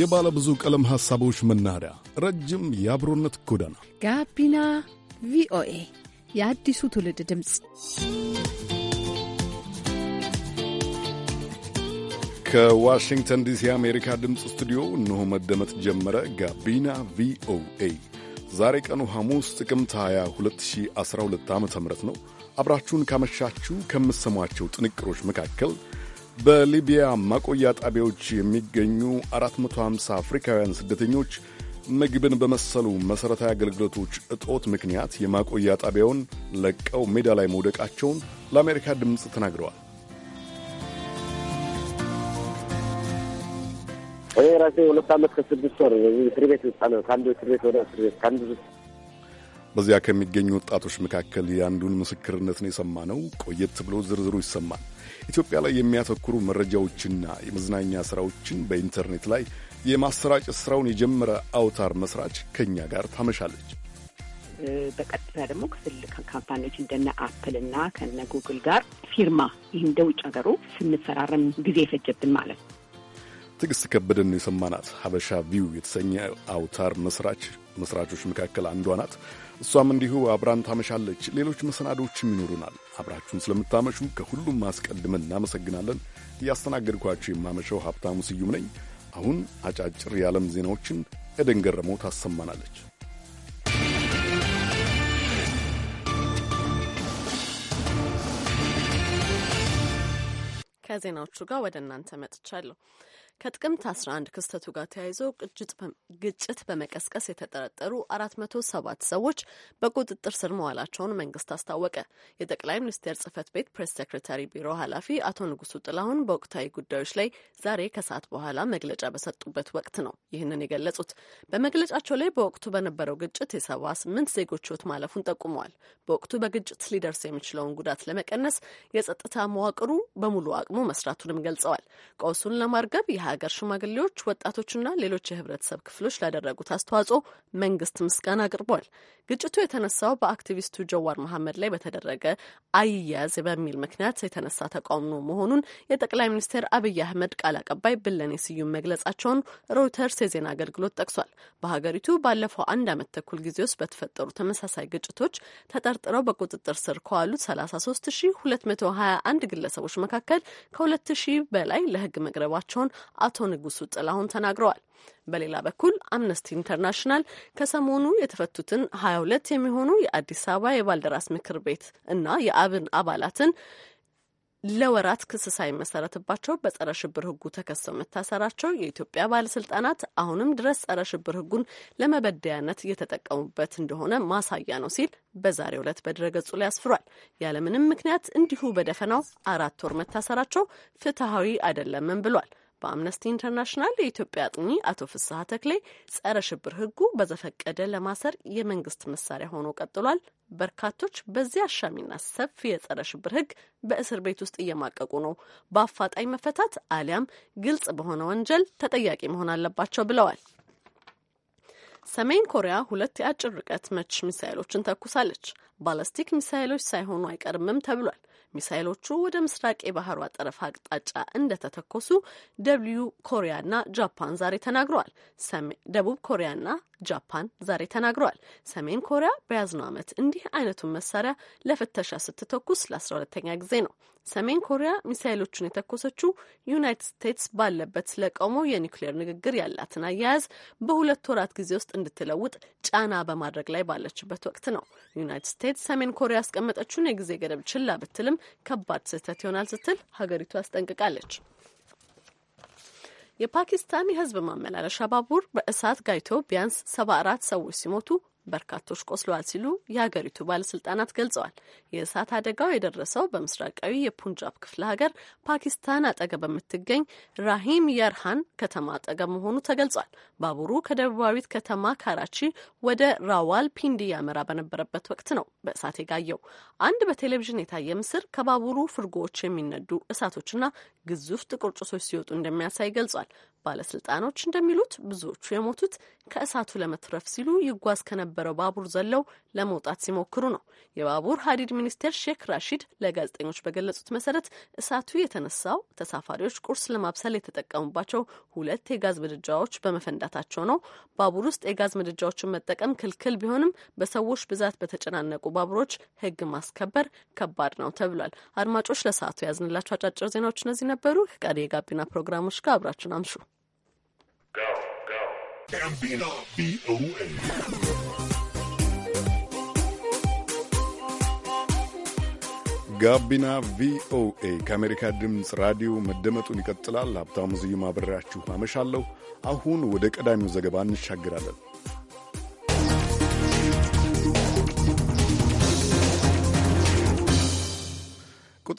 የባለ ብዙ ቀለም ሐሳቦች መናኸሪያ፣ ረጅም የአብሮነት ጎዳና፣ ጋቢና ቪኦኤ የአዲሱ ትውልድ ድምፅ። ከዋሽንግተን ዲሲ የአሜሪካ ድምፅ ስቱዲዮ እነሆ መደመጥ ጀመረ። ጋቢና ቪኦኤ ዛሬ ቀኑ ሐሙስ ጥቅምት 22 2012 ዓ ም ነው። አብራችሁን ካመሻችሁ ከምትሰሟቸው ጥንቅሮች መካከል በሊቢያ ማቆያ ጣቢያዎች የሚገኙ 450 አፍሪካውያን ስደተኞች ምግብን በመሰሉ መሠረታዊ አገልግሎቶች እጦት ምክንያት የማቆያ ጣቢያውን ለቀው ሜዳ ላይ መውደቃቸውን ለአሜሪካ ድምፅ ተናግረዋል። እኔ ራሴ ሁለት ዓመት ከስድስት ወር እስር ቤት ነው። ከአንዱ እስር ቤት ወደ እስር ቤት ከአንዱ በዚያ ከሚገኙ ወጣቶች መካከል የአንዱን ምስክርነትን የሰማ ነው። ቆየት ብሎ ዝርዝሩ ይሰማል። ኢትዮጵያ ላይ የሚያተኩሩ መረጃዎችና የመዝናኛ ሥራዎችን በኢንተርኔት ላይ የማሰራጨት ሥራውን የጀመረ አውታር መስራች ከእኛ ጋር ታመሻለች። በቀጥታ ደግሞ ክፍል ካምፓኒዎች እንደነ አፕል እና ከነ ጉግል ጋር ፊርማ ይህ እንደ ውጭ ሀገሩ ስንፈራረም ጊዜ የፈጀብን ማለት ነው። ትዕግስት ከበደን የሰማናት ሀበሻ ቪው የተሰኘ አውታር መስራች መስራቾች መካከል አንዷ ናት። እሷም እንዲሁ አብራን ታመሻለች። ሌሎች መሰናዶዎችም ይኖሩናል። አብራችሁን ስለምታመሹ ከሁሉም አስቀድመን እናመሰግናለን። እያስተናገድኳቸው የማመሸው ሀብታሙ ስዩም ነኝ። አሁን አጫጭር የዓለም ዜናዎችን ኤደን ገረመው ታሰማናለች። ከዜናዎቹ ጋር ወደ እናንተ መጥቻለሁ። ከጥቅምት 11 ክስተቱ ጋር ተያይዞ ግጭት በመቀስቀስ የተጠረጠሩ 407 ሰዎች በቁጥጥር ስር መዋላቸውን መንግስት አስታወቀ። የጠቅላይ ሚኒስቴር ጽህፈት ቤት ፕሬስ ሴክሬታሪ ቢሮ ኃላፊ አቶ ንጉሱ ጥላሁን በወቅታዊ ጉዳዮች ላይ ዛሬ ከሰዓት በኋላ መግለጫ በሰጡበት ወቅት ነው ይህንን የገለጹት። በመግለጫቸው ላይ በወቅቱ በነበረው ግጭት የ ስምንት ዜጎች ህይወት ማለፉን ጠቁመዋል። በወቅቱ በግጭት ሊደርስ የሚችለውን ጉዳት ለመቀነስ የጸጥታ መዋቅሩ በሙሉ አቅሙ መስራቱንም ገልጸዋል። ቀውሱን ለማርገብ የሀገር ሽማግሌዎች፣ ወጣቶችና ሌሎች የህብረተሰብ ክፍሎች ላደረጉት አስተዋጽኦ መንግስት ምስጋና አቅርቧል። ግጭቱ የተነሳው በአክቲቪስቱ ጀዋር መሐመድ ላይ በተደረገ አያያዝ በሚል ምክንያት የተነሳ ተቃውሞ መሆኑን የጠቅላይ ሚኒስትር አብይ አህመድ ቃል አቀባይ ብለኔ ስዩም መግለጻቸውን ሮይተርስ የዜና አገልግሎት ጠቅሷል። በሀገሪቱ ባለፈው አንድ ዓመት ተኩል ጊዜ ውስጥ በተፈጠሩ ተመሳሳይ ግጭቶች ተጠርጥረው በቁጥጥር ስር ከዋሉት 33221 ግለሰቦች መካከል ከ2000 በላይ ለህግ መቅረባቸውን አቶ ንጉሱ ጥላሁን ተናግረዋል። በሌላ በኩል አምነስቲ ኢንተርናሽናል ከሰሞኑ የተፈቱትን ሀያ ሁለት የሚሆኑ የአዲስ አበባ የባልደራስ ምክር ቤት እና የአብን አባላትን ለወራት ክስ ሳይመሰረትባቸው በጸረ ሽብር ህጉ ተከሰው መታሰራቸው የኢትዮጵያ ባለስልጣናት አሁንም ድረስ ጸረ ሽብር ህጉን ለመበደያነት እየተጠቀሙበት እንደሆነ ማሳያ ነው ሲል በዛሬው ዕለት በድረገጹ ላይ አስፍሯል። ያለምንም ምክንያት እንዲሁ በደፈናው አራት ወር መታሰራቸው ፍትሐዊ አይደለምም ብሏል። በአምነስቲ ኢንተርናሽናል የኢትዮጵያ አጥኚ አቶ ፍስሐ ተክሌ ጸረ ሽብር ህጉ በዘፈቀደ ለማሰር የመንግስት መሳሪያ ሆኖ ቀጥሏል። በርካቶች በዚህ አሻሚና ሰፊ የጸረ ሽብር ህግ በእስር ቤት ውስጥ እየማቀቁ ነው። በአፋጣኝ መፈታት አሊያም ግልጽ በሆነ ወንጀል ተጠያቂ መሆን አለባቸው ብለዋል። ሰሜን ኮሪያ ሁለት የአጭር ርቀት መች ሚሳይሎችን ተኩሳለች። ባላስቲክ ሚሳይሎች ሳይሆኑ አይቀርምም ተብሏል። ሚሳይሎቹ ወደ ምስራቅ የባህሯ ጠረፍ አቅጣጫ እንደተተኮሱ ደብልዩ ኮሪያና ጃፓን ዛሬ ተናግረዋል። ደቡብ ኮሪያና ጃፓን ዛሬ ተናግረዋል። ሰሜን ኮሪያ በያዝነው ዓመት እንዲህ አይነቱን መሳሪያ ለፍተሻ ስትተኩስ ለ12ተኛ ጊዜ ነው። ሰሜን ኮሪያ ሚሳይሎቹን የተኮሰችው ዩናይትድ ስቴትስ ባለበት ስለ ቀውሞ የኒውክሌር ንግግር ያላትን አያያዝ በሁለት ወራት ጊዜ ውስጥ እንድትለውጥ ጫና በማድረግ ላይ ባለችበት ወቅት ነው። ዩናይትድ ስቴትስ ሰሜን ኮሪያ ያስቀመጠችውን የጊዜ ገደብ ችላ ብትልም ከባድ ስህተት ይሆናል ስትል ሀገሪቱ አስጠንቅቃለች። የፓኪስታን የህዝብ ማመላለሻ ባቡር በእሳት ጋይቶ ቢያንስ ሰባ አራት ሰዎች ሲሞቱ በርካቶች ቆስለዋል ሲሉ የሀገሪቱ ባለስልጣናት ገልጸዋል። የእሳት አደጋው የደረሰው በምስራቃዊ የፑንጃብ ክፍለ ሀገር ፓኪስታን አጠገብ በምትገኝ ራሂም የርሃን ከተማ አጠገብ መሆኑ ተገልጿል። ባቡሩ ከደቡባዊት ከተማ ካራቺ ወደ ራዋል ፒንዲ ያመራ በነበረበት ወቅት ነው በእሳት የጋየው። አንድ በቴሌቪዥን የታየ ምስል ከባቡሩ ፍርጎዎች የሚነዱ እሳቶችና ግዙፍ ጥቁር ጭሶች ሲወጡ እንደሚያሳይ ገልጿል። ባለስልጣኖች እንደሚሉት ብዙዎቹ የሞቱት ከእሳቱ ለመትረፍ ሲሉ ይጓዝ ከነበ ከነበረው ባቡር ዘለው ለመውጣት ሲሞክሩ ነው። የባቡር ሀዲድ ሚኒስቴር ሼክ ራሺድ ለጋዜጠኞች በገለጹት መሰረት እሳቱ የተነሳው ተሳፋሪዎች ቁርስ ለማብሰል የተጠቀሙባቸው ሁለት የጋዝ ምድጃዎች በመፈንዳታቸው ነው። ባቡር ውስጥ የጋዝ ምድጃዎችን መጠቀም ክልክል ቢሆንም በሰዎች ብዛት በተጨናነቁ ባቡሮች ሕግ ማስከበር ከባድ ነው ተብሏል። አድማጮች ለሰዓቱ ያዝንላቸው አጫጭር ዜናዎች እነዚህ ነበሩ። ከቀሪ የጋቢና ፕሮግራሞች ጋር አብራችን አምሹ። B-O-A. ጋቢና ቪኦኤ ከአሜሪካ ድምፅ ራዲዮ መደመጡን ይቀጥላል። ሀብታሙ ዝዩ ማብሬያችሁ አመሻለሁ። አሁን ወደ ቀዳሚው ዘገባ እንሻገራለን።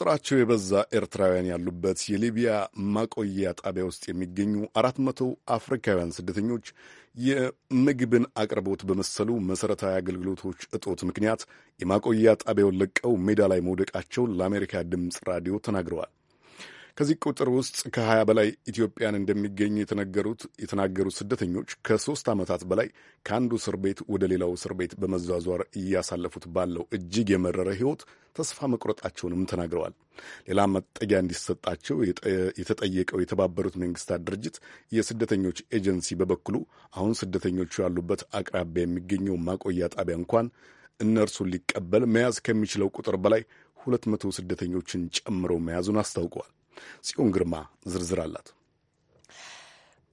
ቁጥራቸው የበዛ ኤርትራውያን ያሉበት የሊቢያ ማቆያ ጣቢያ ውስጥ የሚገኙ አራት መቶ አፍሪካውያን ስደተኞች የምግብን አቅርቦት በመሰሉ መሠረታዊ አገልግሎቶች እጦት ምክንያት የማቆያ ጣቢያውን ለቀው ሜዳ ላይ መውደቃቸውን ለአሜሪካ ድምፅ ራዲዮ ተናግረዋል። ከዚህ ቁጥር ውስጥ ከ20 በላይ ኢትዮጵያን እንደሚገኙ የተነገሩት የተናገሩት ስደተኞች ከሶስት ዓመታት በላይ ከአንዱ እስር ቤት ወደ ሌላው እስር ቤት በመዟዟር እያሳለፉት ባለው እጅግ የመረረ ሕይወት ተስፋ መቁረጣቸውንም ተናግረዋል። ሌላ መጠጊያ እንዲሰጣቸው የተጠየቀው የተባበሩት መንግስታት ድርጅት የስደተኞች ኤጀንሲ በበኩሉ አሁን ስደተኞቹ ያሉበት አቅራቢያ የሚገኘው ማቆያ ጣቢያ እንኳን እነርሱን ሊቀበል መያዝ ከሚችለው ቁጥር በላይ ሁለት መቶ ስደተኞችን ጨምሮ መያዙን አስታውቀዋል። ጽዮን ግርማ ዝርዝር አላት።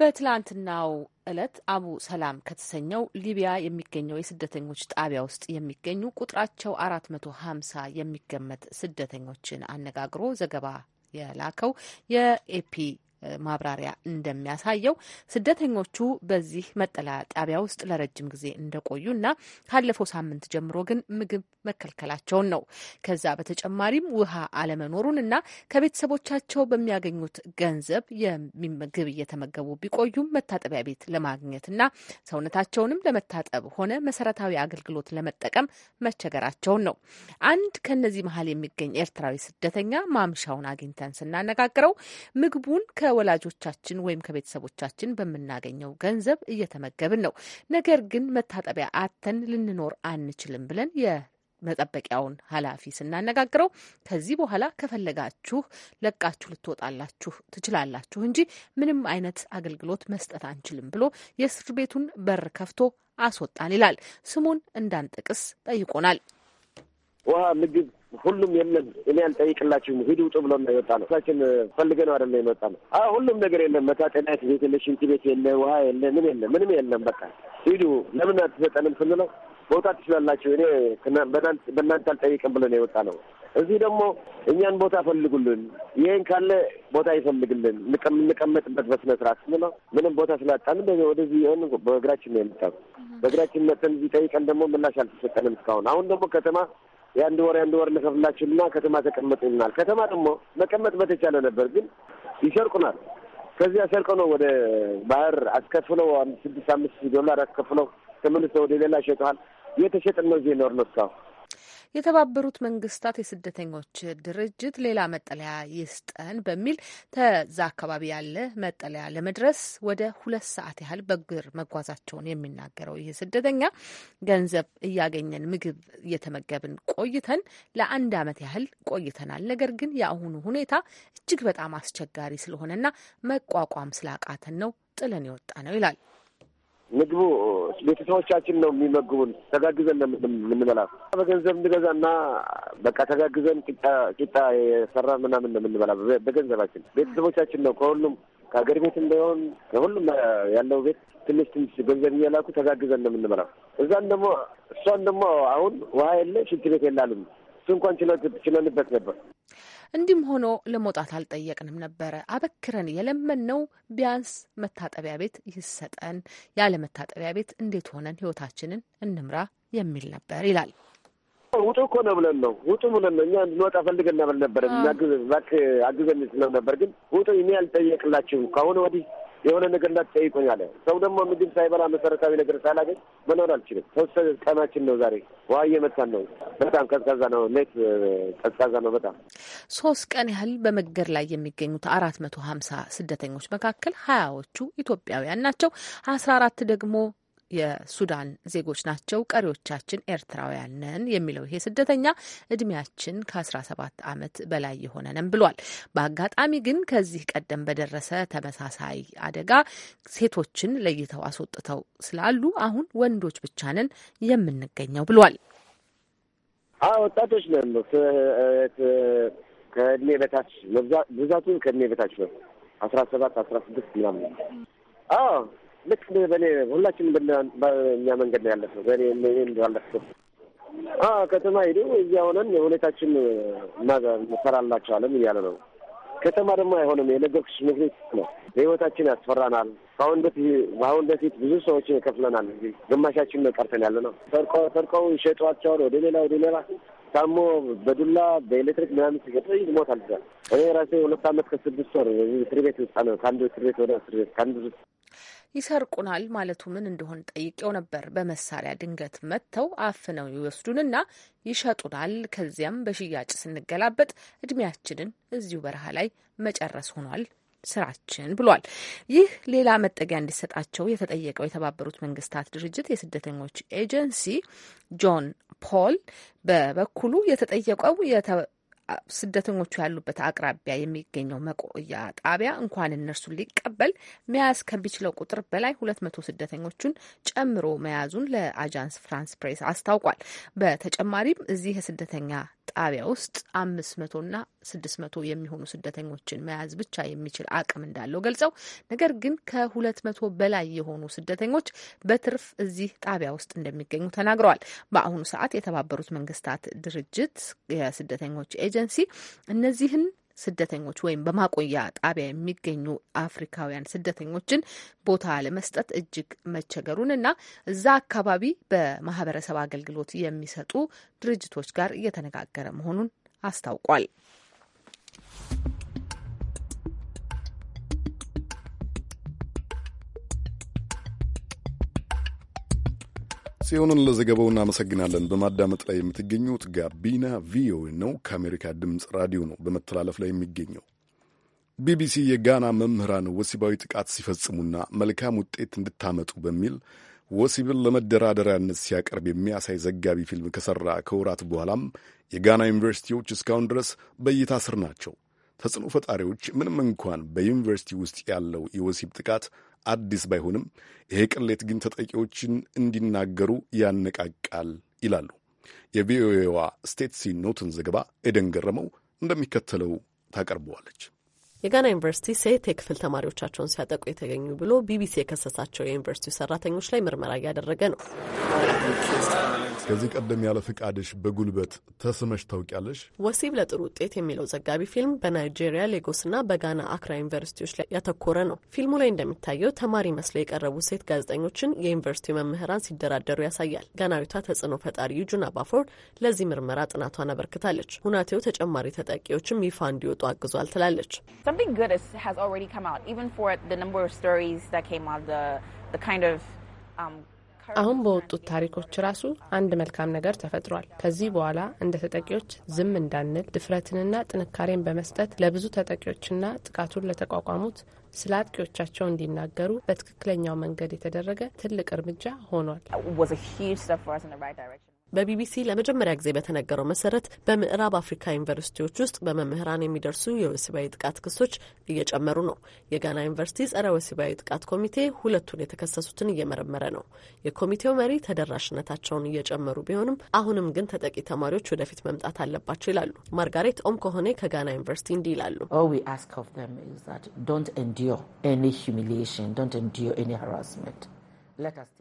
በትላንትናው ዕለት አቡ ሰላም ከተሰኘው ሊቢያ የሚገኘው የስደተኞች ጣቢያ ውስጥ የሚገኙ ቁጥራቸው አራት መቶ ሀምሳ የሚገመት ስደተኞችን አነጋግሮ ዘገባ የላከው የኤፒ ማብራሪያ እንደሚያሳየው ስደተኞቹ በዚህ መጠለያ ጣቢያ ውስጥ ለረጅም ጊዜ እንደቆዩና ካለፈው ሳምንት ጀምሮ ግን ምግብ መከልከላቸውን ነው። ከዛ በተጨማሪም ውሃ አለመኖሩን እና ከቤተሰቦቻቸው በሚያገኙት ገንዘብ ምግብ እየተመገቡ ቢቆዩም መታጠቢያ ቤት ለማግኘት እና ሰውነታቸውንም ለመታጠብ ሆነ መሰረታዊ አገልግሎት ለመጠቀም መቸገራቸውን ነው። አንድ ከነዚህ መሀል የሚገኝ ኤርትራዊ ስደተኛ ማምሻውን አግኝተን ስናነጋግረው ምግቡን ከ ከወላጆቻችን ወይም ከቤተሰቦቻችን በምናገኘው ገንዘብ እየተመገብን ነው። ነገር ግን መታጠቢያ አተን ልንኖር አንችልም ብለን መጠበቂያውን ኃላፊ ስናነጋግረው ከዚህ በኋላ ከፈለጋችሁ ለቃችሁ ልትወጣላችሁ ትችላላችሁ እንጂ ምንም አይነት አገልግሎት መስጠት አንችልም ብሎ የእስር ቤቱን በር ከፍቶ አስወጣን ይላል። ስሙን እንዳንጠቅስ ጠይቆናል። ውሃ፣ ምግብ ሁሉም የለም እኔ አልጠይቅላችሁም ሂድ ውጡ ብሎ ነው የወጣ ነው። ሳችን ፈልገ ነው አደለ የመጣ ነው። አዎ ሁሉም ነገር የለም። መታጠቢያ ቤት የለ፣ ሽንት ቤት የለ፣ ውሃ የለ፣ ምን የለ፣ ምንም የለም። በቃ ሂዱ ለምን አትሰጠንም ስንለው ቦታ ትችላላችሁ እኔ በእናንተ አልጠይቅም ብለን የወጣ ነው። እዚህ ደግሞ እኛን ቦታ ፈልጉልን፣ ይህን ካለ ቦታ ይፈልግልን የምንቀመጥበት በስነ ስርዓት ስንለው ምንም ቦታ ስላጣን ወደዚህ ሆን በእግራችን ነው የመጣ በእግራችን መጠን እዚህ ጠይቀን ደግሞ ምላሽ አልተሰጠንም እስካሁን። አሁን ደግሞ ከተማ የአንድ ወር የአንድ ወር እንከፍላችሁና ከተማ ተቀመጡ ይልናል። ከተማ ደግሞ መቀመጥ በተቻለ ነበር፣ ግን ይሰርቁናል። ከዚህ ሰርቀው ነው ወደ ባህር አስከፍለው ስድስት አምስት ዶላር አስከፍለው ተመልሰው ወደ ሌላ ሸጠሃል። የተሸጠ ነው እዚህ ኖር እስካሁን የተባበሩት መንግስታት የስደተኞች ድርጅት ሌላ መጠለያ ይስጠን በሚል ተዛ አካባቢ ያለ መጠለያ ለመድረስ ወደ ሁለት ሰዓት ያህል በእግር መጓዛቸውን የሚናገረው ይህ ስደተኛ ገንዘብ እያገኘን ምግብ እየተመገብን ቆይተን ለአንድ ዓመት ያህል ቆይተናል። ነገር ግን የአሁኑ ሁኔታ እጅግ በጣም አስቸጋሪ ስለሆነና መቋቋም ስላቃተን ነው ጥለን የወጣ ነው ይላል። ምግቡ ቤተሰቦቻችን ነው የሚመግቡን። ተጋግዘን ነው የምንበላ። በገንዘብ እና በቃ ተጋግዘን ቂጣ የሰራ ምናምን ነው የምንበላ በገንዘባችን። ቤተሰቦቻችን ነው ከሁሉም ከሀገር ቤት እንዳይሆን ከሁሉም ያለው ቤት ትንሽ ትንሽ ገንዘብ እየላኩ ተጋግዘን ነው የምንበላ። እዛን ደግሞ እሷን ደግሞ አሁን ውሃ የለ ሽንት ቤት የላሉም። እሱ እንኳን ችለንበት ነበር። እንዲህም ሆኖ ለመውጣት አልጠየቅንም ነበረ። አበክረን የለመንነው ቢያንስ መታጠቢያ ቤት ይሰጠን፣ ያለ መታጠቢያ ቤት እንዴት ሆነን ህይወታችንን እንምራ የሚል ነበር ይላል። ውጡ እኮ ነው ብለን ነው ውጡ ብለን ነው እኛ እንድንወጣ ፈልገን ነበር ነበር ባክ አግዘን ስለው ነበር ግን ውጡ እኔ ያልጠየቅላችሁ ከአሁን ወዲህ የሆነ ነገር ላትጠይቆኛለ። ሰው ደግሞ ምግብ ሳይበላ መሰረታዊ ነገር ሳላገኝ መኖር አልችልም። ተወሰነ ቀናችን ነው ዛሬ ውሃ እየመታን ነው። በጣም ቀዝቃዛ ነው። ሌት ቀዝቃዛ ነው በጣም ሶስት ቀን ያህል በመገር ላይ የሚገኙት አራት መቶ ሀምሳ ስደተኞች መካከል ሀያዎቹ ኢትዮጵያውያን ናቸው። አስራ አራት ደግሞ የሱዳን ዜጎች ናቸው፣ ቀሪዎቻችን ኤርትራውያን ነን የሚለው ይሄ ስደተኛ እድሜያችን ከ17 ዓመት በላይ የሆነ ነን ብሏል። በአጋጣሚ ግን ከዚህ ቀደም በደረሰ ተመሳሳይ አደጋ ሴቶችን ለይተው አስወጥተው ስላሉ አሁን ወንዶች ብቻ ነን የምንገኘው ብሏል። ወጣቶች ነን ከእድሜ በታች ብዛቱን ከእድሜ በታች ነው። አስራ ሰባት አስራ ስድስት ምናምን አዎ ልክ በእኔ ሁላችንም በእኛ መንገድ ነው ያለፍነው። በእኔ ያለፍነው ከተማ ሄዱ እዚያ ሆነን ሁኔታችን እንሰራላቸዋለን እያለ ነው። ከተማ ደግሞ አይሆንም። የነገርኩሽ ምክንያት ነው። ህይወታችን ያስፈራናል። ከአሁን በፊት በፊት ብዙ ሰዎችን ከፍለናል። እዚህ ግማሻችን ነው ቀርተን ያለ ነው። ሰርቀው ሰርቀው ይሸጧቸዋል ወደ ሌላ ወደ ሌላ ታሞ በዱላ በኤሌክትሪክ ምናምን ሲገጠ ይሞታል። እኔ ራሴ ሁለት አመት ከስድስት ወር እስር ቤት ውስጥ ነው ከአንድ እስር ቤት ወደ እስር ቤት ከአንዱ ይሰርቁናል ማለቱ ምን እንደሆን ጠይቄው ነበር። በመሳሪያ ድንገት መጥተው አፍነው ይወስዱንና ይሸጡናል። ከዚያም በሽያጭ ስንገላበጥ እድሜያችንን እዚሁ በረሃ ላይ መጨረስ ሆኗል ስራችን ብሏል። ይህ ሌላ መጠጊያ እንዲሰጣቸው የተጠየቀው የተባበሩት መንግስታት ድርጅት የስደተኞች ኤጀንሲ ጆን ፖል በበኩሉ የተጠየቀው ስደተኞቹ ያሉበት አቅራቢያ የሚገኘው መቆያ ጣቢያ እንኳን እነርሱን ሊቀበል መያዝ ከሚችለው ቁጥር በላይ ሁለት መቶ ስደተኞቹን ጨምሮ መያዙን ለአጃንስ ፍራንስ ፕሬስ አስታውቋል። በተጨማሪም እዚህ የስደተኛ ጣቢያ ውስጥ አምስት መቶና ስድስት መቶ የሚሆኑ ስደተኞችን መያዝ ብቻ የሚችል አቅም እንዳለው ገልጸው ነገር ግን ከሁለት መቶ በላይ የሆኑ ስደተኞች በትርፍ እዚህ ጣቢያ ውስጥ እንደሚገኙ ተናግረዋል። በአሁኑ ሰዓት የተባበሩት መንግስታት ድርጅት የስደተኞች ኤጀንሲ እነዚህን ስደተኞች ወይም በማቆያ ጣቢያ የሚገኙ አፍሪካውያን ስደተኞችን ቦታ ለመስጠት እጅግ መቸገሩን እና እዛ አካባቢ በማህበረሰብ አገልግሎት የሚሰጡ ድርጅቶች ጋር እየተነጋገረ መሆኑን አስታውቋል። ጽዮንን ለዘገባው እናመሰግናለን። በማዳመጥ ላይ የምትገኙት ጋቢና ቪኦኤ ነው፣ ከአሜሪካ ድምፅ ራዲዮ ነው በመተላለፍ ላይ የሚገኘው። ቢቢሲ የጋና መምህራን ወሲባዊ ጥቃት ሲፈጽሙና መልካም ውጤት እንድታመጡ በሚል ወሲብን ለመደራደሪያነት ሲያቀርብ የሚያሳይ ዘጋቢ ፊልም ከሠራ ከወራት በኋላም የጋና ዩኒቨርሲቲዎች እስካሁን ድረስ በእይታ ስር ናቸው። ተጽዕኖ ፈጣሪዎች ምንም እንኳን በዩኒቨርሲቲ ውስጥ ያለው የወሲብ ጥቃት አዲስ ባይሆንም ይሄ ቅሌት ግን ተጠቂዎችን እንዲናገሩ ያነቃቃል ይላሉ። የቪኦኤዋ ስቴትሲ ኖትን ዘገባ ኤደን ገረመው እንደሚከተለው ታቀርበዋለች። የጋና ዩኒቨርሲቲ ሴት የክፍል ተማሪዎቻቸውን ሲያጠቁ የተገኙ ብሎ ቢቢሲ የከሰሳቸው የዩኒቨርሲቲው ሰራተኞች ላይ ምርመራ እያደረገ ነው። ከዚህ ቀደም ያለ ፈቃድሽ በጉልበት ተስመሽ ታውቂያለሽ? ወሲብ ለጥሩ ውጤት የሚለው ዘጋቢ ፊልም በናይጄሪያ ሌጎስና በጋና አክራ ዩኒቨርሲቲዎች ላይ ያተኮረ ነው። ፊልሙ ላይ እንደሚታየው ተማሪ መስለው የቀረቡ ሴት ጋዜጠኞችን የዩኒቨርሲቲው መምህራን ሲደራደሩ ያሳያል። ጋናዊቷ ተጽዕኖ ፈጣሪ ዩጁና ባፎር ለዚህ ምርመራ ጥናቷን አበርክታለች። ሁናቴው ተጨማሪ ተጠቂዎችም ይፋ እንዲወጡ አግዟል ትላለች። something good is, has already come out, even for the number of stories that came out, the, the kind of um, አሁን በወጡት ታሪኮች ራሱ አንድ መልካም ነገር ተፈጥሯል። ከዚህ በኋላ እንደ ተጠቂዎች ዝም እንዳንል ድፍረትንና ጥንካሬን በመስጠት ለብዙ ተጠቂዎችና ጥቃቱን ለተቋቋሙት ስለ አጥቂዎቻቸው እንዲናገሩ በትክክለኛው መንገድ የተደረገ ትልቅ እርምጃ ሆኗል። በቢቢሲ ለመጀመሪያ ጊዜ በተነገረው መሰረት በምዕራብ አፍሪካ ዩኒቨርሲቲዎች ውስጥ በመምህራን የሚደርሱ የወሲባዊ ጥቃት ክሶች እየጨመሩ ነው። የጋና ዩኒቨርሲቲ ጸረ ወሲባዊ ጥቃት ኮሚቴ ሁለቱን የተከሰሱትን እየመረመረ ነው። የኮሚቴው መሪ ተደራሽነታቸውን እየጨመሩ ቢሆንም አሁንም ግን ተጠቂ ተማሪዎች ወደፊት መምጣት አለባቸው ይላሉ። ማርጋሬት ኦም ከሆነ ከጋና ዩኒቨርሲቲ እንዲህ ይላሉ።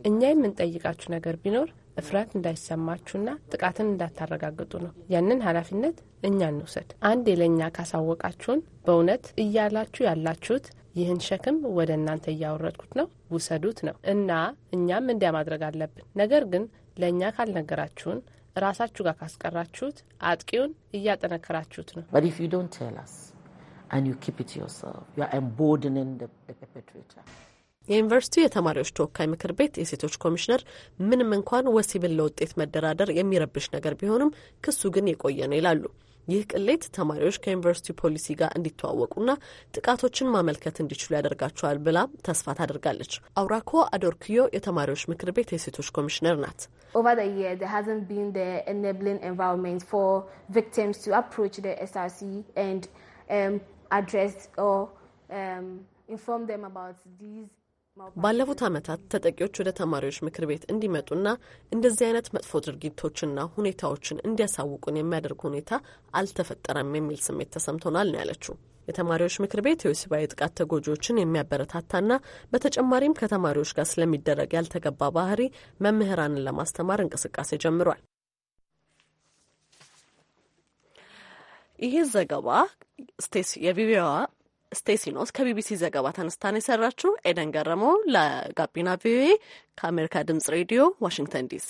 እኛ የምንጠይቃችሁ ነገር ቢኖር እፍረት እንዳይሰማችሁና ጥቃትን እንዳታረጋግጡ ነው። ያንን ኃላፊነት እኛ እንውሰድ። አንዴ የለኛ ካሳወቃችሁን በእውነት እያላችሁ ያላችሁት ይህን ሸክም ወደ እናንተ እያወረድኩት ነው፣ ውሰዱት ነው እና እኛም እንዲያ ማድረግ አለብን። ነገር ግን ለእኛ ካልነገራችሁን ራሳችሁ ጋር ካስቀራችሁት አጥቂውን እያጠነከራችሁት ነው። የዩኒቨርሲቲው የተማሪዎች ተወካይ ምክር ቤት የሴቶች ኮሚሽነር ምንም እንኳን ወሲብን ለውጤት መደራደር የሚረብሽ ነገር ቢሆንም ክሱ ግን የቆየ ነው ይላሉ። ይህ ቅሌት ተማሪዎች ከዩኒቨርሲቲ ፖሊሲ ጋር እንዲተዋወቁና ጥቃቶችን ማመልከት እንዲችሉ ያደርጋቸዋል ብላ ተስፋ ታደርጋለች። አውራኮ አዶርክዮ የተማሪዎች ምክር ቤት የሴቶች ኮሚሽነር ናት። አድሬስ ኢንፎርም ዜም አባውት ዲዝ ባለፉት ዓመታት ተጠቂዎች ወደ ተማሪዎች ምክር ቤት እንዲመጡና እንደዚህ አይነት መጥፎ ድርጊቶችና ሁኔታዎችን እንዲያሳውቁን የሚያደርግ ሁኔታ አልተፈጠረም የሚል ስሜት ተሰምቶናል ነው ያለችው። የተማሪዎች ምክር ቤት የወሲባዊ ጥቃት ተጎጂዎችን የሚያበረታታና በተጨማሪም ከተማሪዎች ጋር ስለሚደረግ ያልተገባ ባህሪ መምህራንን ለማስተማር እንቅስቃሴ ጀምሯል። ይህ ዘገባ ስቴስ የቪቪዋ ስቴሲኖስ ከቢቢሲ ዘገባ ተነስታን የሰራችው ኤደን ገረመው ለጋቢና ቪኦኤ ከአሜሪካ ድምጽ ሬዲዮ ዋሽንግተን ዲሲ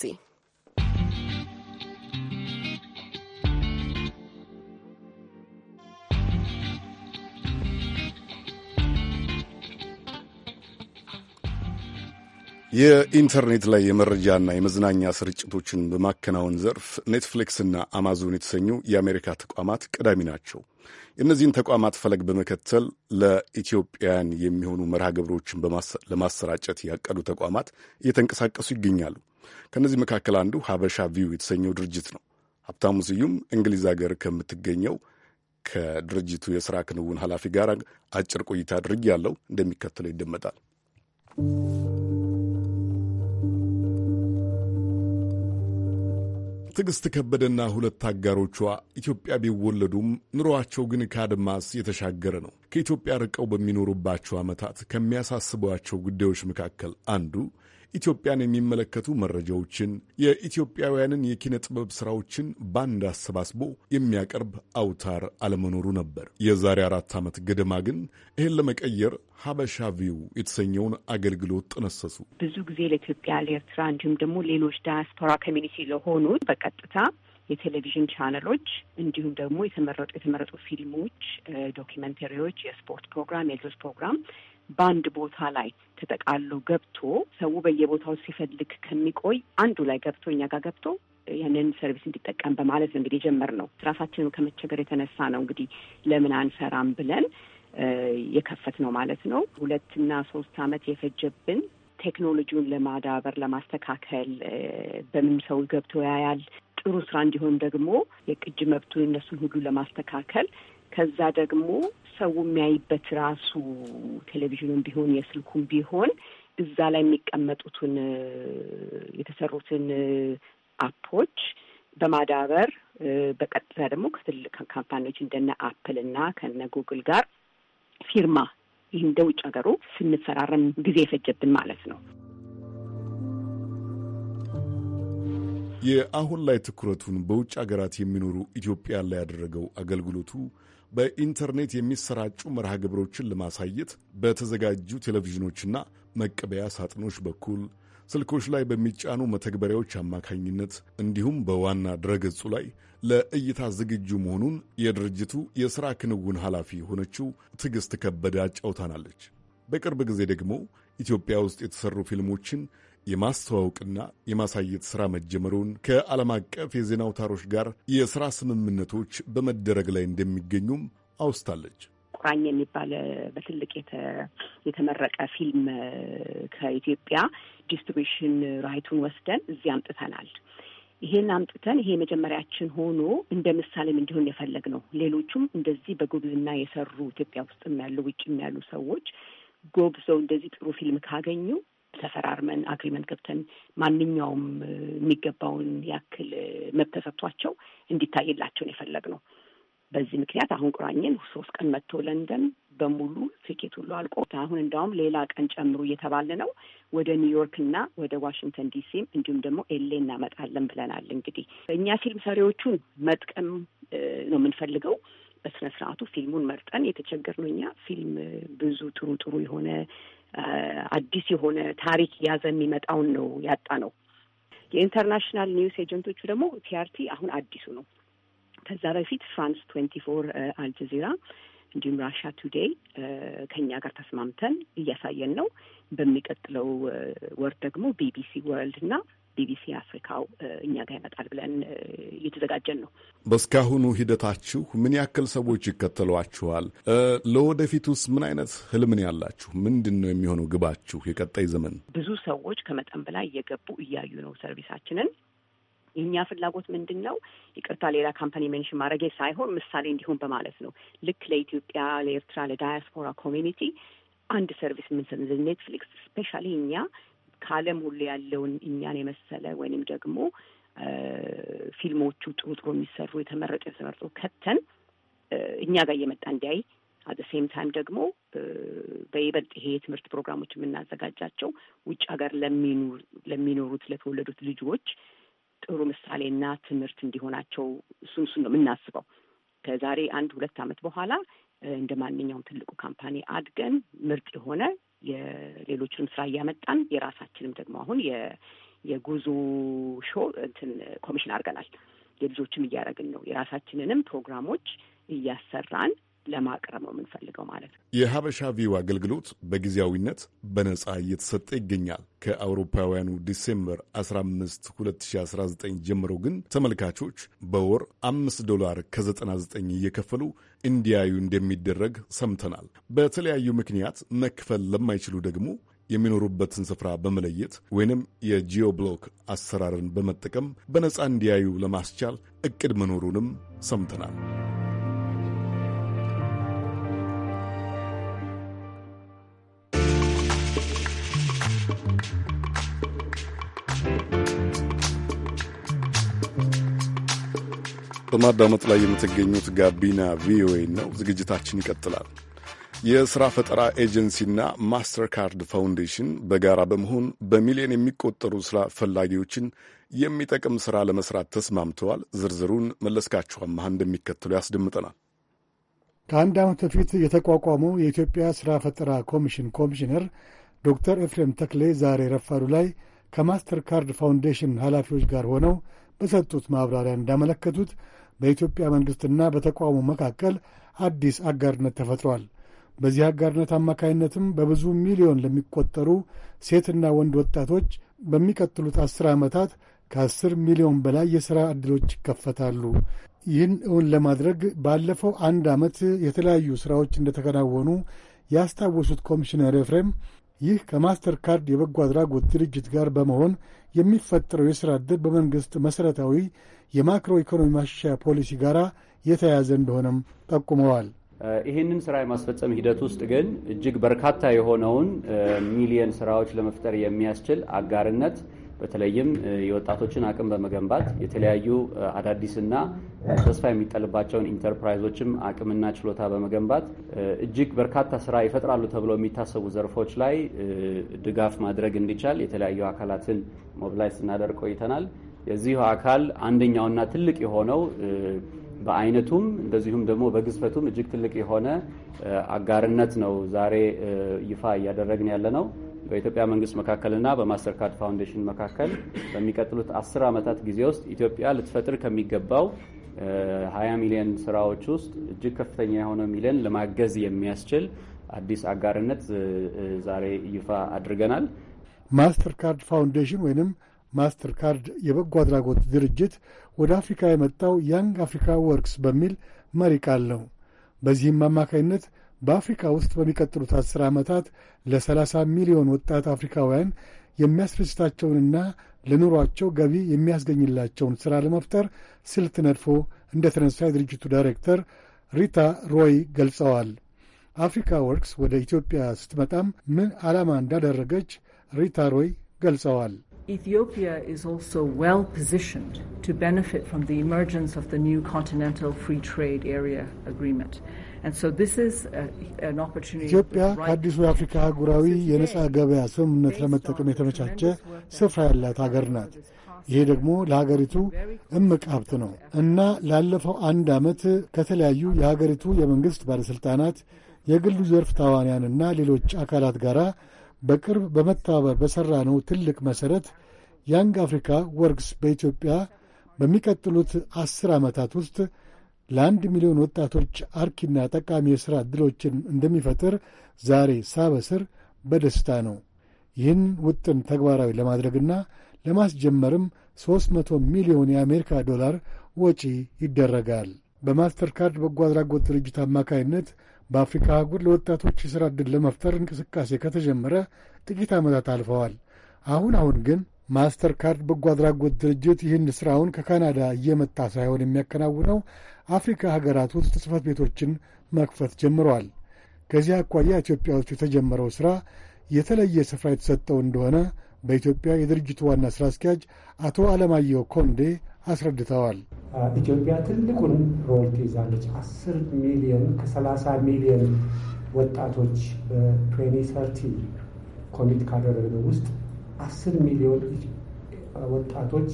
የኢንተርኔት ላይ የመረጃና የመዝናኛ ስርጭቶችን በማከናወን ዘርፍ ኔትፍሊክስና አማዞን የተሰኙ የአሜሪካ ተቋማት ቀዳሚ ናቸው። የእነዚህን ተቋማት ፈለግ በመከተል ለኢትዮጵያውያን የሚሆኑ መርሃ ግብሮችን ለማሰራጨት ያቀዱ ተቋማት እየተንቀሳቀሱ ይገኛሉ። ከእነዚህ መካከል አንዱ ሀበሻ ቪው የተሰኘው ድርጅት ነው። ሀብታሙ ስዩም እንግሊዝ ሀገር ከምትገኘው ከድርጅቱ የስራ ክንውን ኃላፊ ጋር አጭር ቆይታ አድርግ ያለው እንደሚከተለው ይደመጣል። ትዕግሥት ከበደና ሁለት አጋሮቿ ኢትዮጵያ ቢወለዱም ኑሮአቸው ግን ከአድማስ የተሻገረ ነው። ከኢትዮጵያ ርቀው በሚኖሩባቸው ዓመታት ከሚያሳስቧቸው ጉዳዮች መካከል አንዱ ኢትዮጵያን የሚመለከቱ መረጃዎችን፣ የኢትዮጵያውያንን የኪነ ጥበብ ሥራዎችን በአንድ አሰባስቦ የሚያቀርብ አውታር አለመኖሩ ነበር። የዛሬ አራት ዓመት ገደማ ግን ይህን ለመቀየር ሀበሻ ቪው የተሰኘውን አገልግሎት ጠነሰሱ። ብዙ ጊዜ ለኢትዮጵያ፣ ለኤርትራ እንዲሁም ደግሞ ሌሎች ዳያስፖራ ኮሚኒቲ ለሆኑት በቀጥታ የቴሌቪዥን ቻነሎች እንዲሁም ደግሞ የተመረጡ የተመረጡ ፊልሞች፣ ዶኪመንተሪዎች፣ የስፖርት ፕሮግራም፣ የልጆች ፕሮግራም በአንድ ቦታ ላይ ተጠቃሎ ገብቶ ሰው በየቦታው ሲፈልግ ከሚቆይ አንዱ ላይ ገብቶ እኛ ጋር ገብቶ ያንን ሰርቪስ እንዲጠቀም በማለት ነው እንግዲህ የጀመርነው። ራሳችንን ከመቸገር የተነሳ ነው እንግዲህ ለምን አንሰራም ብለን የከፈት ነው ማለት ነው። ሁለትና ሶስት አመት የፈጀብን ቴክኖሎጂውን ለማዳበር ለማስተካከል በምን ሰው ገብቶ ያያል ጥሩ ስራ እንዲሆን ደግሞ የቅጅ መብቱን እነሱን ሁሉ ለማስተካከል ከዛ ደግሞ ሰው የሚያይበት ራሱ ቴሌቪዥኑን ቢሆን የስልኩም ቢሆን እዛ ላይ የሚቀመጡትን የተሰሩትን አፖች በማዳበር በቀጥታ ደግሞ ከትልቅ ካምፓኒዎች እንደነ አፕል እና ከነ ጉግል ጋር ፊርማ ይህ እንደ ውጭ ሀገሩ ስንፈራረም ጊዜ የፈጀብን ማለት ነው። የአሁን ላይ ትኩረቱን በውጭ ሀገራት የሚኖሩ ኢትዮጵያ ላይ ያደረገው አገልግሎቱ በኢንተርኔት የሚሰራጩ መርሃ ግብሮችን ለማሳየት በተዘጋጁ ቴሌቪዥኖችና መቀበያ ሳጥኖች በኩል ስልኮች ላይ በሚጫኑ መተግበሪያዎች አማካኝነት እንዲሁም በዋና ድረገጹ ላይ ለእይታ ዝግጁ መሆኑን የድርጅቱ የሥራ ክንውን ኃላፊ የሆነችው ትዕግሥት ከበደ አጫውታናለች። በቅርብ ጊዜ ደግሞ ኢትዮጵያ ውስጥ የተሰሩ ፊልሞችን የማስተዋወቅና የማሳየት ሥራ መጀመሩን ከዓለም አቀፍ የዜና አውታሮች ጋር የሥራ ስምምነቶች በመደረግ ላይ እንደሚገኙም አውስታለች። ቁራኝ የሚባል በትልቅ የተመረቀ ፊልም ከኢትዮጵያ ዲስትሪቢሽን ራይቱን ወስደን እዚህ አምጥተናል። ይሄን አምጥተን ይሄ መጀመሪያችን ሆኖ እንደ ምሳሌም እንዲሆን የፈለግ ነው። ሌሎቹም እንደዚህ በጉብዝና የሰሩ ኢትዮጵያ ውስጥም ያሉ ውጭም ያሉ ሰዎች ጎብዘው እንደዚህ ጥሩ ፊልም ካገኙ ተፈራርመን አግሪመንት ገብተን ማንኛውም የሚገባውን ያክል መብት ተሰጥቷቸው እንዲታይላቸውን የፈለግ ነው። በዚህ ምክንያት አሁን ቁራኝን ሶስት ቀን መጥቶ ለንደን በሙሉ ትኬት ሁሉ አልቆ አሁን እንዳውም ሌላ ቀን ጨምሩ እየተባለ ነው። ወደ ኒውዮርክና ወደ ዋሽንግተን ዲሲም እንዲሁም ደግሞ ኤሌ እናመጣለን ብለናል። እንግዲህ እኛ ፊልም ሰሪዎቹን መጥቀም ነው የምንፈልገው። በስነ ስርዓቱ ፊልሙን መርጠን የተቸገርነው እኛ ፊልም ብዙ ጥሩ ጥሩ የሆነ አዲስ የሆነ ታሪክ ያዘ የሚመጣውን ነው ያጣ ነው። የኢንተርናሽናል ኒውስ ኤጀንቶቹ ደግሞ ቲአርቲ አሁን አዲሱ ነው ከዛ በፊት ፍራንስ ትዌንቲ ፎር፣ አልጀዚራ እንዲሁም ራሻ ቱዴይ ከኛ ጋር ተስማምተን እያሳየን ነው። በሚቀጥለው ወር ደግሞ ቢቢሲ ወርልድ እና ቢቢሲ አፍሪካው እኛ ጋር ይመጣል ብለን እየተዘጋጀን ነው። በእስካሁኑ ሂደታችሁ ምን ያክል ሰዎች ይከተሏችኋል? ለወደፊቱስ ምን አይነት ህልምን ያላችሁ? ምንድን ነው የሚሆነው ግባችሁ የቀጣይ ዘመን? ብዙ ሰዎች ከመጠን በላይ እየገቡ እያዩ ነው ሰርቪሳችንን የእኛ ፍላጎት ምንድን ነው? ይቅርታ ሌላ ካምፓኒ ሜንሽን ማድረግ ሳይሆን ምሳሌ እንዲሆን በማለት ነው። ልክ ለኢትዮጵያ፣ ለኤርትራ፣ ለዳያስፖራ ኮሚኒቲ አንድ ሰርቪስ የምንሰጥ ኔትፍሊክስ ስፔሻሊ እኛ ከዓለም ሁሉ ያለውን እኛን የመሰለ ወይንም ደግሞ ፊልሞቹ ጥሩ ጥሩ የሚሰሩ የተመረጡ የተመርጦ ከተን እኛ ጋር እየመጣ እንዲያይ አደ ሴም ታይም ደግሞ በይበልጥ ይሄ የትምህርት ፕሮግራሞች የምናዘጋጃቸው ውጭ ሀገር ለሚኖሩት ለተወለዱት ልጆች ጥሩ ምሳሌና ትምህርት እንዲሆናቸው እሱን እሱን ነው የምናስበው። ከዛሬ አንድ ሁለት ዓመት በኋላ እንደ ማንኛውም ትልቁ ካምፓኒ አድገን ምርጥ የሆነ የሌሎችንም ስራ እያመጣን የራሳችንም ደግሞ አሁን የጉዞ ሾ እንትን ኮሚሽን አድርገናል። የልጆችም እያደረግን ነው። የራሳችንንም ፕሮግራሞች እያሰራን ለማቅረብ ነው የምንፈልገው ማለት ነው። የሀበሻ ቪው አገልግሎት በጊዜያዊነት በነጻ እየተሰጠ ይገኛል። ከአውሮፓውያኑ ዲሴምበር 15 2019 ጀምሮ ግን ተመልካቾች በወር 5 ዶላር ከ99 እየከፈሉ እንዲያዩ እንደሚደረግ ሰምተናል። በተለያዩ ምክንያት መክፈል ለማይችሉ ደግሞ የሚኖሩበትን ስፍራ በመለየት ወይንም የጂኦ ብሎክ አሰራርን በመጠቀም በነፃ እንዲያዩ ለማስቻል እቅድ መኖሩንም ሰምተናል። በማዳመጥ ላይ የምትገኙት ጋቢና ቪኦኤ ነው። ዝግጅታችን ይቀጥላል። የሥራ ፈጠራ ኤጀንሲና ማስተርካርድ ፋውንዴሽን በጋራ በመሆን በሚሊዮን የሚቆጠሩ ሥራ ፈላጊዎችን የሚጠቅም ሥራ ለመሥራት ተስማምተዋል። ዝርዝሩን መለስካቸው አማሃ እንደሚከተለው ያስደምጠናል። ከአንድ ዓመት በፊት የተቋቋመው የኢትዮጵያ ሥራ ፈጠራ ኮሚሽን ኮሚሽነር ዶክተር ኤፍሬም ተክሌ ዛሬ ረፋዱ ላይ ከማስተርካርድ ፋውንዴሽን ኃላፊዎች ጋር ሆነው በሰጡት ማብራሪያ እንዳመለከቱት በኢትዮጵያ መንግሥትና በተቋሙ መካከል አዲስ አጋርነት ተፈጥሯል። በዚህ አጋርነት አማካይነትም በብዙ ሚሊዮን ለሚቆጠሩ ሴትና ወንድ ወጣቶች በሚቀጥሉት አስር ዓመታት ከአስር ሚሊዮን በላይ የሥራ ዕድሎች ይከፈታሉ። ይህን እውን ለማድረግ ባለፈው አንድ ዓመት የተለያዩ ሥራዎች እንደተከናወኑ ያስታወሱት ኮሚሽነር ኤፍሬም ይህ ከማስተር ካርድ የበጎ አድራጎት ድርጅት ጋር በመሆን የሚፈጠረው የሥራ ዕድል በመንግሥት መሠረታዊ የማክሮ ኢኮኖሚ ማሻሻያ ፖሊሲ ጋር የተያያዘ እንደሆነም ጠቁመዋል። ይህንን ስራ የማስፈጸም ሂደት ውስጥ ግን እጅግ በርካታ የሆነውን ሚሊየን ስራዎች ለመፍጠር የሚያስችል አጋርነት በተለይም የወጣቶችን አቅም በመገንባት የተለያዩ አዳዲስና ተስፋ የሚጠልባቸውን ኢንተርፕራይዞችም አቅምና ችሎታ በመገንባት እጅግ በርካታ ስራ ይፈጥራሉ ተብሎ የሚታሰቡ ዘርፎች ላይ ድጋፍ ማድረግ እንዲቻል የተለያዩ አካላትን ሞብላይዝ ስናደርግ ቆይተናል። የዚሁ አካል አንደኛውና ትልቅ የሆነው በአይነቱም እንደዚሁም ደግሞ በግዝፈቱም እጅግ ትልቅ የሆነ አጋርነት ነው ዛሬ ይፋ እያደረግን ያለ ነው። በኢትዮጵያ መንግስት መካከልና በማስተርካርድ ፋውንዴሽን መካከል በሚቀጥሉት አስር ዓመታት ጊዜ ውስጥ ኢትዮጵያ ልትፈጥር ከሚገባው 20 ሚሊዮን ስራዎች ውስጥ እጅግ ከፍተኛ የሆነ ሚሊዮን ለማገዝ የሚያስችል አዲስ አጋርነት ዛሬ ይፋ አድርገናል። ማስተርካርድ ፋውንዴሽን ወይንም ማስተር ካርድ የበጎ አድራጎት ድርጅት ወደ አፍሪካ የመጣው ያንግ አፍሪካ ወርክስ በሚል መሪ ቃል ነው። በዚህም አማካይነት በአፍሪካ ውስጥ በሚቀጥሉት አስር ዓመታት ለ30 ሚሊዮን ወጣት አፍሪካውያን የሚያስደስታቸውንና ለኑሯቸው ገቢ የሚያስገኝላቸውን ሥራ ለመፍጠር ስልት ነድፎ እንደተነሳ የድርጅቱ ዳይሬክተር ሪታ ሮይ ገልጸዋል። አፍሪካ ወርክስ ወደ ኢትዮጵያ ስትመጣም ምን ዓላማ እንዳደረገች ሪታ ሮይ ገልጸዋል። Ethiopia is also well positioned to benefit from the emergence of the new Continental Free Trade Area Agreement. And so this is a, an opportunity. ኢትዮጵያ ከአዲሱ የአፍሪካ አህጉራዊ የነጻ ገበያ ስምምነት ለመጠቀም የተመቻቸ ስፍራ ያላት ሀገር ናት። ይሄ ደግሞ ለሀገሪቱ እምቅ ሀብት ነው እና ላለፈው አንድ ዓመት ከተለያዩ የሀገሪቱ የመንግሥት ባለሥልጣናት፣ የግሉ ዘርፍ ታዋንያንና ሌሎች አካላት ጋር በቅርብ በመተባበር ነው ትልቅ መሠረት ያንግ አፍሪካ ወርክስ በኢትዮጵያ በሚቀጥሉት አስር ዓመታት ውስጥ ለአንድ ሚሊዮን ወጣቶች አርኪና ጠቃሚ የሥራ ዕድሎችን እንደሚፈጥር ዛሬ ሳበስር በደስታ ነው። ይህን ውጥን ተግባራዊ ለማድረግና ለማስጀመርም 300 ሚሊዮን የአሜሪካ ዶላር ወጪ ይደረጋል። በማስተርካርድ በጎ አድራጎት ድርጅት አማካይነት በአፍሪካ አህጉር ለወጣቶች የሥራ ዕድል ለመፍጠር እንቅስቃሴ ከተጀመረ ጥቂት ዓመታት አልፈዋል። አሁን አሁን ግን ማስተር ካርድ በጎ አድራጎት ድርጅት ይህን ሥራውን ከካናዳ እየመጣ ሳይሆን የሚያከናውነው አፍሪካ ሀገራት ውስጥ ጽሕፈት ቤቶችን መክፈት ጀምረዋል። ከዚህ አኳያ ኢትዮጵያ ውስጥ የተጀመረው ሥራ የተለየ ስፍራ የተሰጠው እንደሆነ በኢትዮጵያ የድርጅቱ ዋና ሥራ አስኪያጅ አቶ አለማየሁ ኮንዴ አስረድተዋል። ኢትዮጵያ ትልቁን ሮል ትይዛለች። አስር ሚሊዮን ከሰላሳ ሚሊዮን ወጣቶች በ2030 ኮሚት ካደረግነው ውስጥ አስር ሚሊዮን ወጣቶች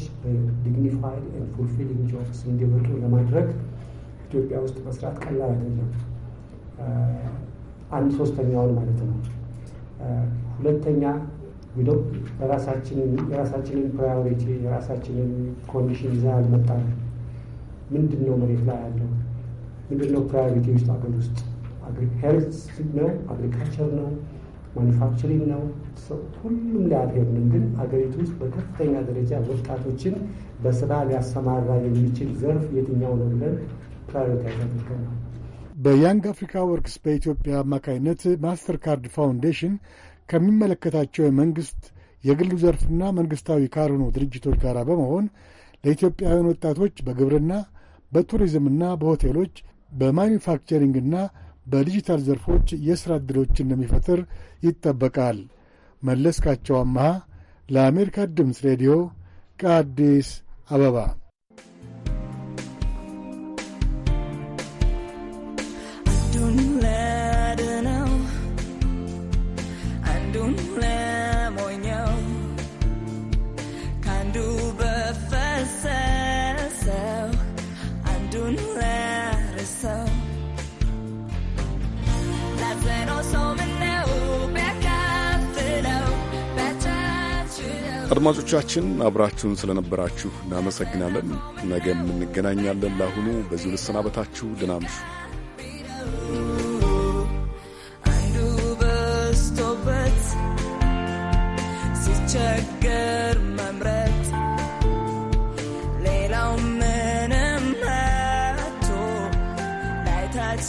ዲግኒፋይድ ኤንድ ፉልፊሊንግ ጆብስ እንዲወጡ ለማድረግ ኢትዮጵያ ውስጥ መስራት ቀላል አይደለም። አንድ ሶስተኛውን ማለት ነው። ሁለተኛ ዊደው የራሳችንን የራሳችንን ፕራዮሪቲ የራሳችንን ኮንዲሽን ይዘን አልመጣንም። ምንድን ነው መሬት ላይ ያለው? ምንድን ነው ፕራዮሪቲ ውስጥ አገር ውስጥ ሄልዝ ነው፣ አግሪካልቸር ነው፣ ማኒፋክቸሪንግ ነው። ሁሉም ላይ አልሄድንም፣ ግን አገሪቱ ውስጥ በከፍተኛ ደረጃ ወጣቶችን በስራ ሊያሰማራ የሚችል ዘርፍ የትኛው ነው ብለን ፕራዮሪቲ ያደርገናል። በያንግ አፍሪካ ወርክስ በኢትዮጵያ አማካኝነት ማስተር ካርድ ፋውንዴሽን ከሚመለከታቸው የመንግሥት የግሉ ዘርፍና መንግሥታዊ ካልሆኑ ድርጅቶች ጋር በመሆን ለኢትዮጵያውያን ወጣቶች በግብርና፣ በቱሪዝምና በሆቴሎች በማኒፋክቸሪንግና በዲጂታል ዘርፎች የሥራ ዕድሎች እንደሚፈጥር ይጠበቃል። መለስካቸው አመሃ ለአሜሪካ ድምፅ ሬዲዮ ከአዲስ አበባ አድማጮቻችን አብራችሁን ስለነበራችሁ እናመሰግናለን። ነገም እንገናኛለን። ለአሁኑ በዚሁ ልሰናበታችሁ። ደህና ምሹ። ሲቸገር መምረጥ ሌላው ምንም መቶ ላይታች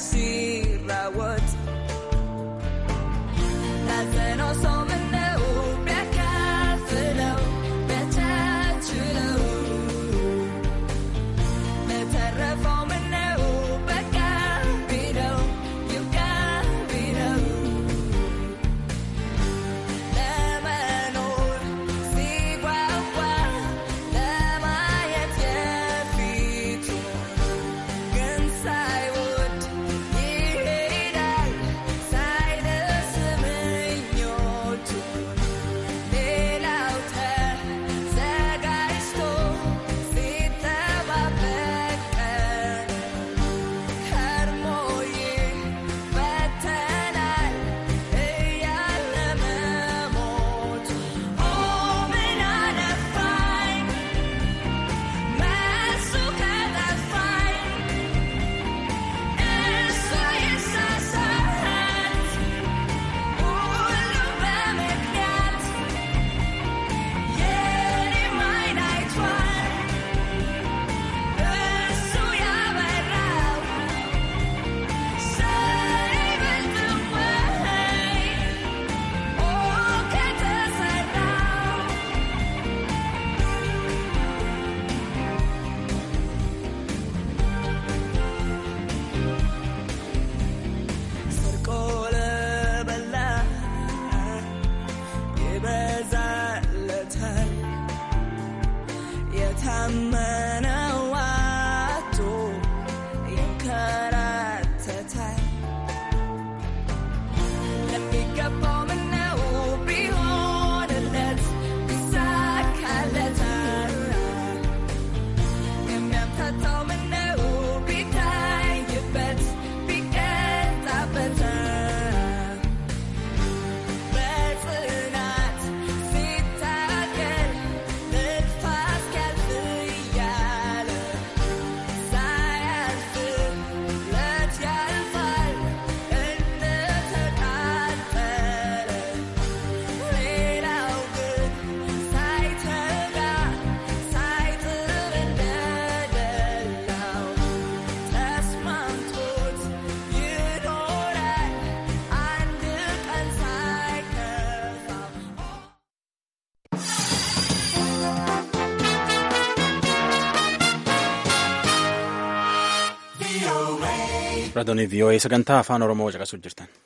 raadiyoonis vii'oo'ee sagantaa afaan oromoo caqasuuf jirtan.